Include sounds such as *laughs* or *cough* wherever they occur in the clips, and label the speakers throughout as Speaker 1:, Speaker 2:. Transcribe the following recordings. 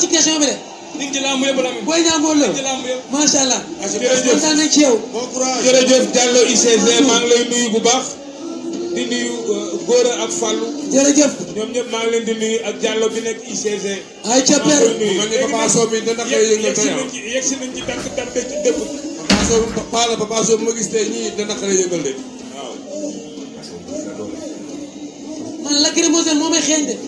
Speaker 1: ci question bi de. ñu ngi ci làmb yëpp la. booy ñaar
Speaker 2: mbooloo. allah. Ah, jërëjëf kontaan nañ ci yow. maa ngi lay nuyu bu baax. di nuyu euh, Gora ak Fallou. jërëjëf. ñoom ñëpp maa ngi leen di nuyu ak Diallo bi nekk ICG. ay ca per. man de Papa Sow mi dana koy yëngal tey la Papa Sow ma
Speaker 1: moo may xeeñ de.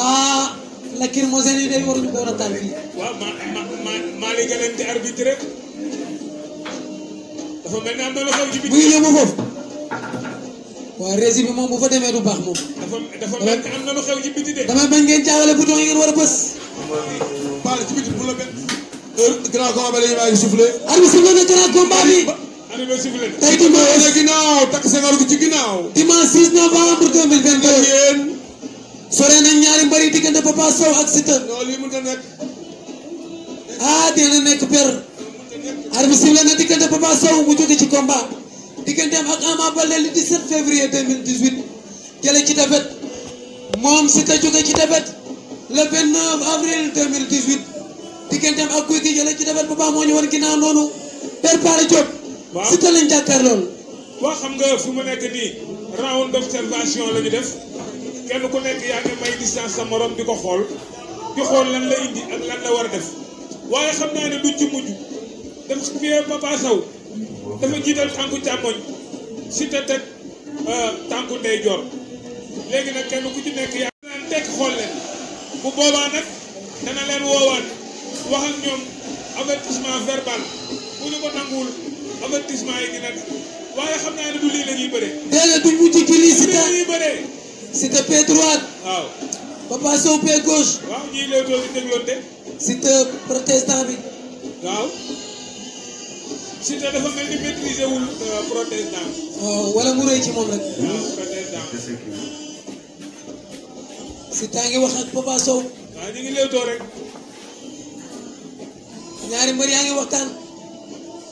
Speaker 1: ah lacrymogène yi day waruñu ko war a taal
Speaker 2: ma ma ma maa ngi leen di arbitré dafa mel ne am na loxo ji bi. muy
Speaker 1: yëngu foofu. waaw rési bi moom bu fa demee du baax
Speaker 2: moom. dafa dafa mel ne am na lu de. dama bañ ngeen jaawale bouton yi ngeen a bës. baal ci biti bu la benn heure grand combat la ñu maa ngi soufflé. arbitre soufflé na grand combat bi. arbitre soufflé na. tey dimanche ginnaaw takk sa ngar ci ginnaaw. dimanche 6 novembre
Speaker 1: 2022. sore nañ ñaari mbari diggante Papa Sow ak Siteu.
Speaker 3: ah dina nekk
Speaker 1: per. arbitre sifflé na diggante Papa Sow mu jóge ci combat. digganteem ak Ama Baldé le 17 février 2018 jële ci defet moom Siteu jóge ci defet le 29 avril 2018 digganteem ak Gouye Gui jële ci defet Papa moo ñu woon ginnaaw noonu per Paare Diop.
Speaker 2: waaw Siteu lañ jàkkaar lool. xam fu mu nekk nii round d'observation la ñu def. kenn ku nekk yaa ngi may distance sa morom di ko xool di xool lan la indi ak lan la war a def waaye xam naa ne du ci mujj dafa fiyee Papa Sow dafa jiital tànku càmmoñ si te teg euh, tànku ndeyjoor léegi nag kenn ku ci nekk yaa ngi leen tekk xool leen bu boobaa nag dana leen woowaat wax ñoom avertissement verbal bu ñu ko nanguwul avertissement yi dina waaye xam naa ne du lii la ñuy bëree. déedéet duñ mujj ci lii si. du lii la Siteu pied droite. waaw. Papa Sow pied gauche. waaw ñii lay doon di dégloon de. protestant bi. Euh, oh,
Speaker 1: wala mu rëy ci moom rek. waaw protestant. Siteu
Speaker 2: ngi wax ak Papa Sow. waaw ñu ngi
Speaker 1: ñaari mbër yaa waxtaan.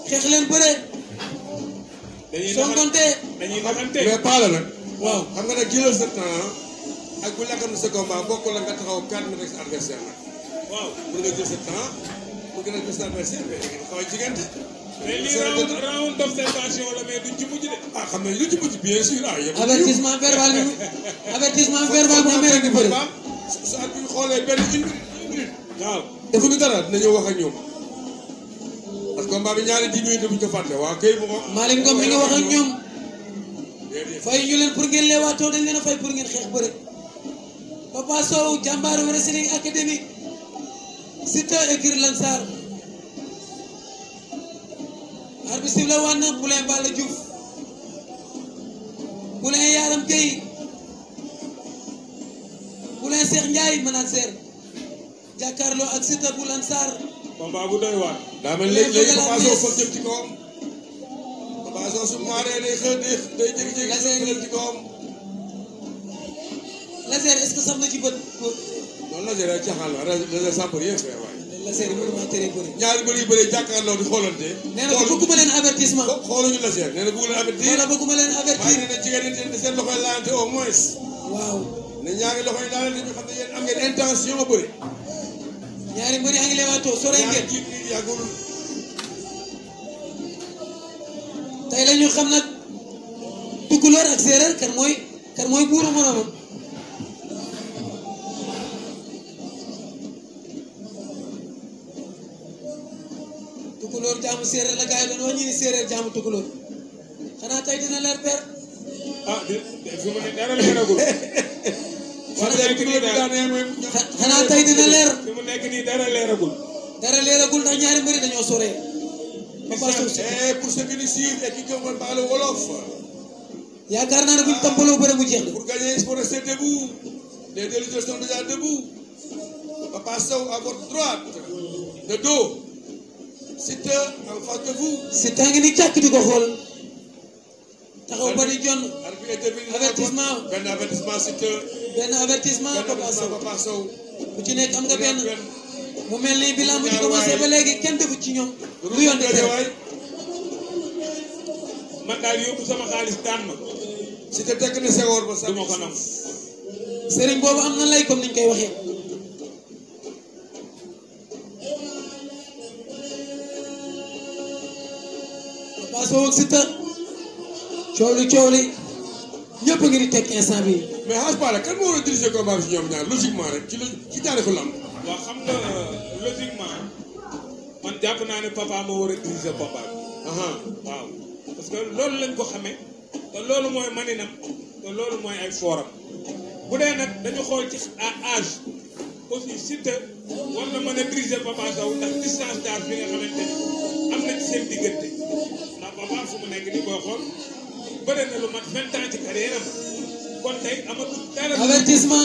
Speaker 1: xeex leen bëre.
Speaker 2: dañuy naxante dañuy naxante waaw xam nga nag jëlal sa temps ak bu lakkam sa combat bokk la nga taxaw 4 minutes rek sa adversaire nag. waaw mën nga jël sa temps mu gën a jël sa adversaire mais dangeen xaw a jigante. mais lii round round d'observation la mais duñ ci mujj de. ah xam nga duñ ci mujj bien sûr ah yëpp. avertissement verbal bi avertissement verbal bi amee rek di bëri. su at bi xoolee benn une minute. waaw defuñu dara dinañu wax ak ñoom. parce que combat bi ñaari dix minutes bu ñu ko fàtte waaw kay bu ko. Malick Ngom mi ngi wax ak ñoom.
Speaker 1: fay ñu leen pour ngeen leewaatoo dañ leen a fay pour ngeen xeex bëre Papa Sow jàmbaaru wrestling académie Siteu écurie Lansar arbitre bi la wan na Poulain Balla Diouf Poulain Yaram Gueye Poulain Cheikh Ndiaye seer jàkkaarloo ak
Speaker 2: Siteu bu Lansar combat soo sumaaree day xëy day jékki-jékki. laser yi ci kawam. laser est-ce que sax na ci bët. non laser la caaxaan la laser sans bëri yëpp waay.
Speaker 1: laser yi mënuma tere bëri.
Speaker 2: ñaari bëri yu bëree jàkkaarloo di xoolante. nee na bëgguma leen avertissement. xooluñu laser nee na bëgguma leen avertir. nee na bëgguma leen avertir. waaye nee na jigéen ñi seen loxo yi laalante au moins. waaw. ne ñaari loxo yi laalante ñu xam ne yéen am ngeen intention bëri. ñaari mbëri a ngi leewaatoo sore ngeen. ñaari
Speaker 1: tey la ñu xam nag tukulóor ak séeréer kan mooy kan mooy buuru moroomam tukulóor
Speaker 2: jaamu séeréer la gars yi doon wax ñu ni séeréer jaamu tukulóor xanaa tey dina leer per ah, *laughs*
Speaker 1: xanaa tey dina leer.
Speaker 2: mu nekk nii dara
Speaker 1: leeragul. dara leeragul ndax ñaari mbir dañoo sore. information aussi. et pour ceux qui nous
Speaker 2: suivent yaakaar naa ne bu ñu tàmbaloo bëre bu jeex. pour gagner il faut rester debout les deux lutteurs sont déjà debout Papa Sow à votre droite de dos Siteu en face de vous. Siteu ngi
Speaker 1: ni càkk di ko xool.
Speaker 2: taxaw ba di jonn. avertissement benn avertissement
Speaker 1: ci nekk am nga benn.
Speaker 2: mu mel ni bi làmb ji commencé ba léegi
Speaker 1: kenn defu ci ñoom.
Speaker 2: lu yoon di waay man daal yóbbu sama xaalis daan ma. si te tekk na sewoor ba sax.
Speaker 1: boobu am na lay comme niñ koy waxee. Papa
Speaker 2: Sow ak Siteu coow li coow li ñëpp a ngi instant bii. mais Aspa la kan moo war a diriger bi ñoom ñaar logiquement rek ci ci taarixu lamb. waaw xam nga logiquement. jàpp naa ne papa moo war a diriger combat bi waaw parce que loolu lañ ko xamee te loolu mooy maninam te loolu mooy ay fooram bu dee nag dañu xool ci âge aussi Siteu war na mën a diriger Papa Sow ndax distance d'âge bi nga xamante ne am na ci seen diggante ndax papa fu mu nekk ni koy xool bëri na lu mat vingt ans ci carrière am kon tey amatul dara
Speaker 1: avertissement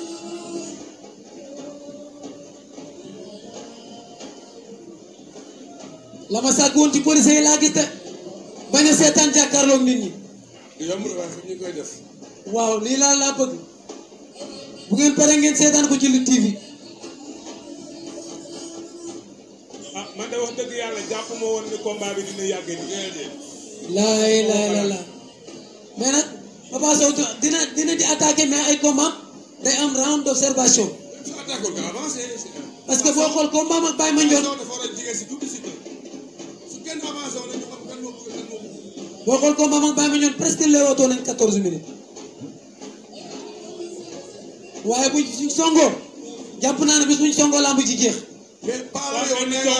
Speaker 1: la ma sàkk woon ci policiers yi laa gis te bañ a seetaan jàkkaarloog nit ñi. waaw
Speaker 2: lii laa laa bëgg
Speaker 1: bu ngeen pare ngeen seetaan ko ci Lutte TV.
Speaker 2: ah man de wax dëgg yàlla jàpp ma woon ni combat bi dina yàgg di déedéet.
Speaker 1: laa ilaaha illallaah dina dina di attaqué mais ay combat day am round d'observation. parce que boo xool combat ma bàyyi ma njoon.
Speaker 2: kenn avancé woon nañu xam kan moo ko kan moo
Speaker 1: ko. boo xool combat mag Baye Mandione presque minutes waaye bu ñu songoo jàpp naa ne bis bu ñu songoo làmb
Speaker 2: ji jeex. nee nga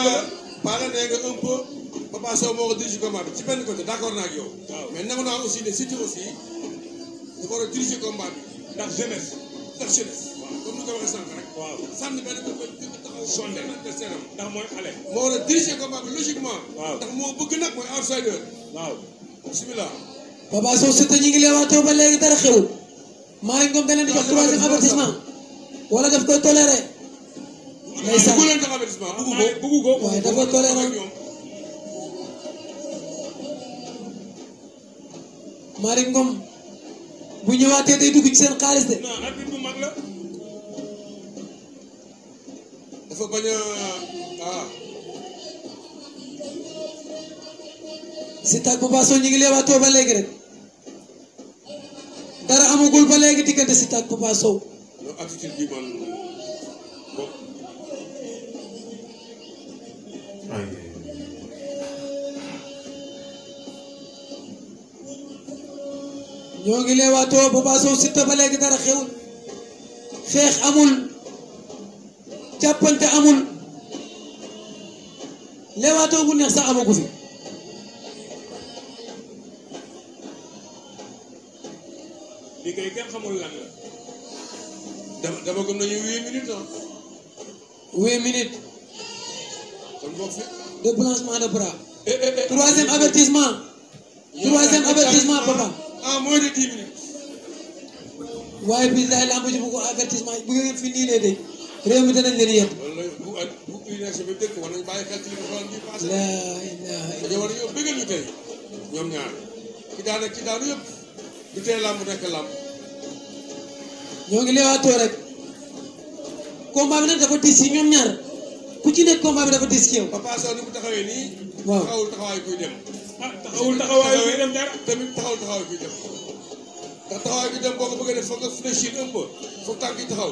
Speaker 2: Paa la nee moo ko dirigé combat bi ci benn côté d' accord naa ak yow. waaw nangu naa aussi ne surtout aussi dafa war a bi ndax jeunesse ndax jeunesse. sondé ndax mooy xale. moo war a diriger combat bi logiquement. waaw bëgg nag mooy outsider. waaw bisimilah.
Speaker 1: Papa Sow Siteu ñu ngi leewaatoo ba léegi dara xewul. Malick Ngom da leen di jox troisième avertissement. wala daf koy toléré. ndeysaan da koy toléré. Malick Ngom bu ñëwaatee day dugg ci seen xaalis de. non
Speaker 2: dafa bañ a ah.
Speaker 1: Siteu ak Papa ngi leewaatoo ba léegi rek dara amagul ba léegi diggante Siteu ak Papa Sow.
Speaker 2: non attitude
Speaker 1: ñoo ngi leewaatoo Papa Sow Siteu ba léegi dara xewul xeex amul. jàppante amul leewaatoo bu neex sax fi
Speaker 2: li kay kenn xamul lan dama dama gëm nañu huit minutes ah huit minutes de balancement gën a néer yéen. ñoom ñaar ci daan ak ci daan yëpp du tee làmb nekk làmb.
Speaker 1: ñoo ngi leewaatoo rek combat bi nag dafa diis si ñoom ñaar ku ci nekk combat
Speaker 2: bi dafa diis ci yow. Papa Sow ni mu taxawee nii. waaw taxawul taxawaay kuy dem. ah taxawul taxawaay kuy tamit taxawul kuy dem. ndax taxawaay kuy dem boo ko bëggee def foog nga fléchir un foog tànk yi taxaw.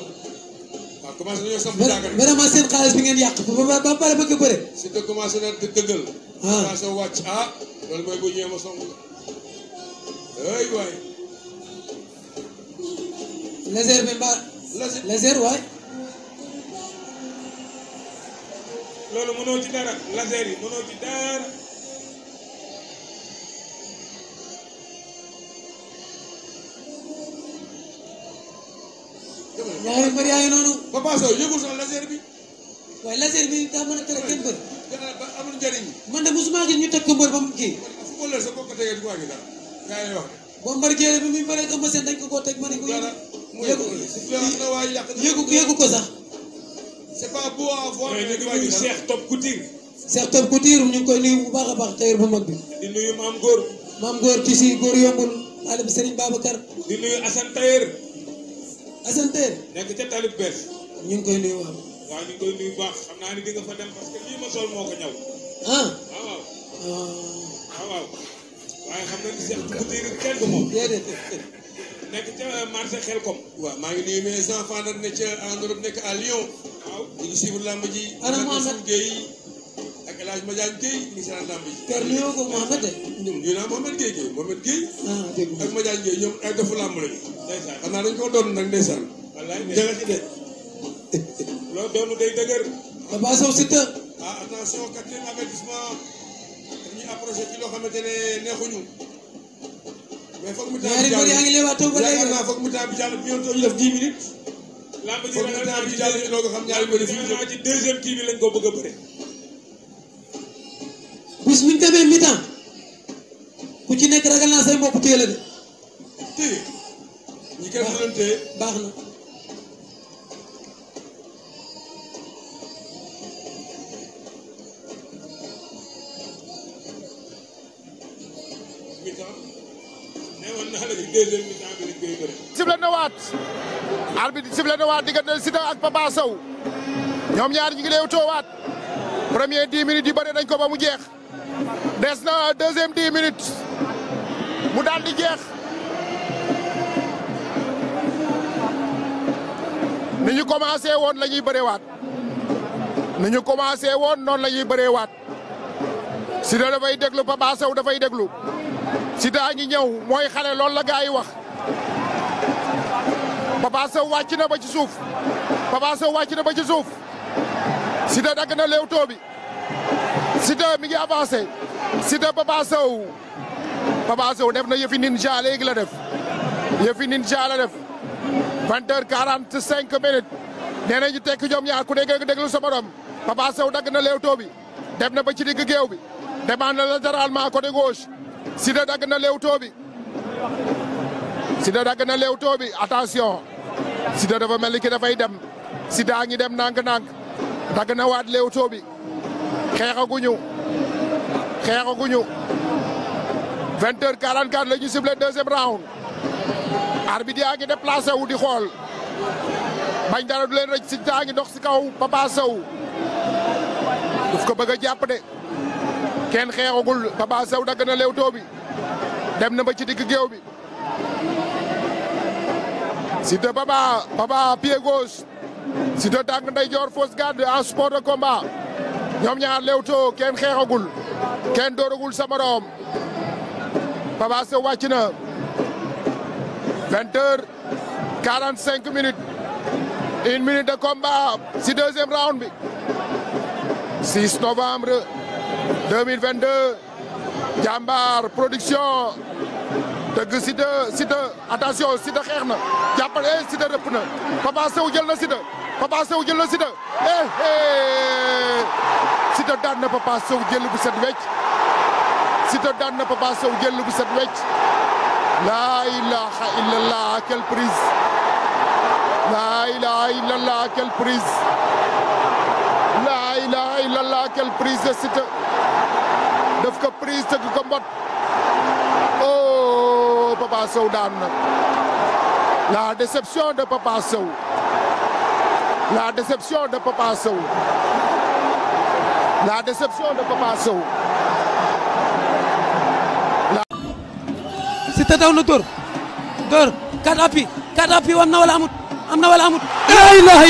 Speaker 2: commencé nañoo samp jàngat vraiment seen
Speaker 1: xaalis bi ngeen yàq ba ba pare bëgg a bëre.
Speaker 2: surtout commencé na dëggal. ah commencé wàcc ah loolu mooy bu ñëwee ma song la ay waay.
Speaker 1: léger bi mbaa. léger léger waay.
Speaker 2: loolu mënoo ci dara léger yi mënoo ci dara. ñaari mbër yaa ngi noonu. Papa Sow yëgul sax laser bi.
Speaker 1: waaye laser bi daa mën a tere kenn man de mosuma gis ñu teg ko mbër ba mu kii. fu ko lël sa bokk tegee du ko amee dara. yaa ngi wax. bi muy bëree ko machine dañ ko koo teg mën
Speaker 2: ko yëgu yëgu yëgu ko sax. c'est pas beau à voir. mais ñu ngi Cheikh Top Couture.
Speaker 1: Cheikh Top Couture ñu ngi koy nuyu bu baax a baax tey bu mag bi. di nuyu maam góor. maam góor ci si góor yombul. Aliou Serigne Babacar. di nuyu Assane Tayer.
Speaker 2: asanteer. nekk ca talib bees. ñu ngi koy nuyu waaw. waaw ñu ngi koy nuyu baax xam naa ni di nga fa dem parce que lii ma sol moo ko ñaw. ah waaw ah. waaye xam nga ni Cheikh Boutiir kenn du moom. déedéet nekk ca marché Xelkom. waaw maa ngi nuyu mais a fànn ne ca en Europe nekk à Lyon. waaw di suivre làmb ji. ana Mohamed Gueye El Hadj Madiagne Guèye mi ngi seetaan làmb ji. kër nuyoo ko Mouhamed de. ñoom ñu naan Mouhamed Guèye Guèye Mouhamed Guèye. ah dégg nga ak Madiagne Guèye ñoom ay defu làmb lañu. ndeysaan xanaa dañu ko doon nag ndeysaan. wallaay de de. loolu day dëgër. Papa ah, Sow ne neexuñu. mais foog mu temps bi jàll ñaari mbir bi jàll bientôt ñu def minutes. làmb ji deuxième kii bi lañ ko bëgg bëre
Speaker 1: bis bu ñu demee ku ci nekk ragal naa say mbokk téye la de. téye ñi kenn du leen téye baax na.
Speaker 3: sible na waat arbitre sible na waat diggante ak Papa ñoom ñaar ñu ngi leew toowaat premier dix minutes yi bëre nañ ko ba mu jeex des na deuxième dix minutes mu daldi jeex ni ñu commencé woon lañuy ñuy bëreewaat ñu commencé woon noonu lañuy ñuy bëreewaat Siteu dafay déglu Papa dafay déglu Siteu a ngi ñëw mooy xale loolu la gaa yi wax Papa wàcc na ba ci suuf Papa Sow wàcc na ba ci suuf Siteu dagg na léewtoo bi sita mi ngi avancé Siteu Papa Sow Papa Sow def na yëfi ninja léegi la def yëfi ninja la def vingt heures quarante cinq minutes nee nañu tekk jom ñaar ku nekk déglu sa morom Papa Sow dagg na léewtoo bi dem na ba ci digg géew bi demaat na latéralement côté gauche Siteu dagg na léewtoo bi Siteu dagg na léewtoo bi attention Siteu dafa mel ni ki dafay dem Siteu a ngi dem ndànk-ndànk dagg na waat léewtoo bi xeexaguñu xeexaguñu 20 heures 44 la ñu ciblé deuxième bi arbitre yaa ngi déplacé wu di xool bañ dara du leen rëcc si taa ngi dox si kaw Papa Sow daf ko bëgg a jàpp de kenn xeexagul Papa Sow dagg na léewtoo bi dem na ba ci digg géew bi Siteu Papa Papa pied gauche Siteu tànk ndeyjoor fausse garde en sport de combat ñoom ñaar lewtoo kenn xeexagul kenn dooragul sa Papa Sow wàcc na vingt heures quarante cinq minutes une minute de combat si deuxième round bi 6 novembre 2022 jàmbaar production dëgg Siteu Siteu attention Siteu xeex na jàppal si eh, Siteu rëpp na Papa Sow jël na Siteu Papa Sow jël na Siteu eh eh Siteu daan na Papa Sow jël bu set wecc Siteu daan na Papa Sow jël bu set wecc laa ilaha illallah quelle prise laa ilaha illallah quelle prise laa ilaha illallah quelle prise de Siteu ko prise tëgg ko mbot oh Papa Sow daan na la déception de Papa Sow la déception de Papa Sow la déception de Papa Sow.
Speaker 1: Siteu daw na dóor dóor quatre appuis quatre appuis am na wala amut am na wala amut. la ilaha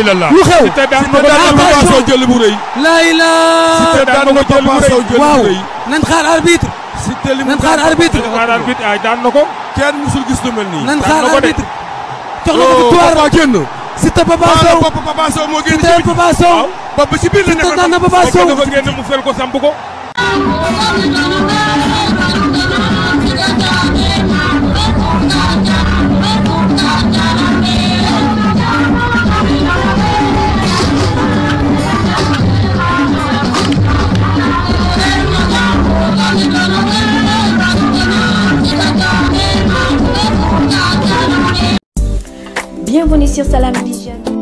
Speaker 1: illallah lu xew.
Speaker 2: Siteu daan na ko Papa Sow jël bu rëy. la ilaha Siteu daan na ko Papa Sow jël bu rëy. nan xaar arbitre. Siteu li mu xaar arbitre nan xaar arbitre ay daan na ko. kenn musul gis lu mel nii. nan xaar arbitre jox na ko victoire. Siteu Papa Sow bopp Papa Sow moo génn ci Papa Sow bopp bi ci biir la nekkoon Papa Sow dafa génn mu fel ko
Speaker 1: Bienvenue sur Salam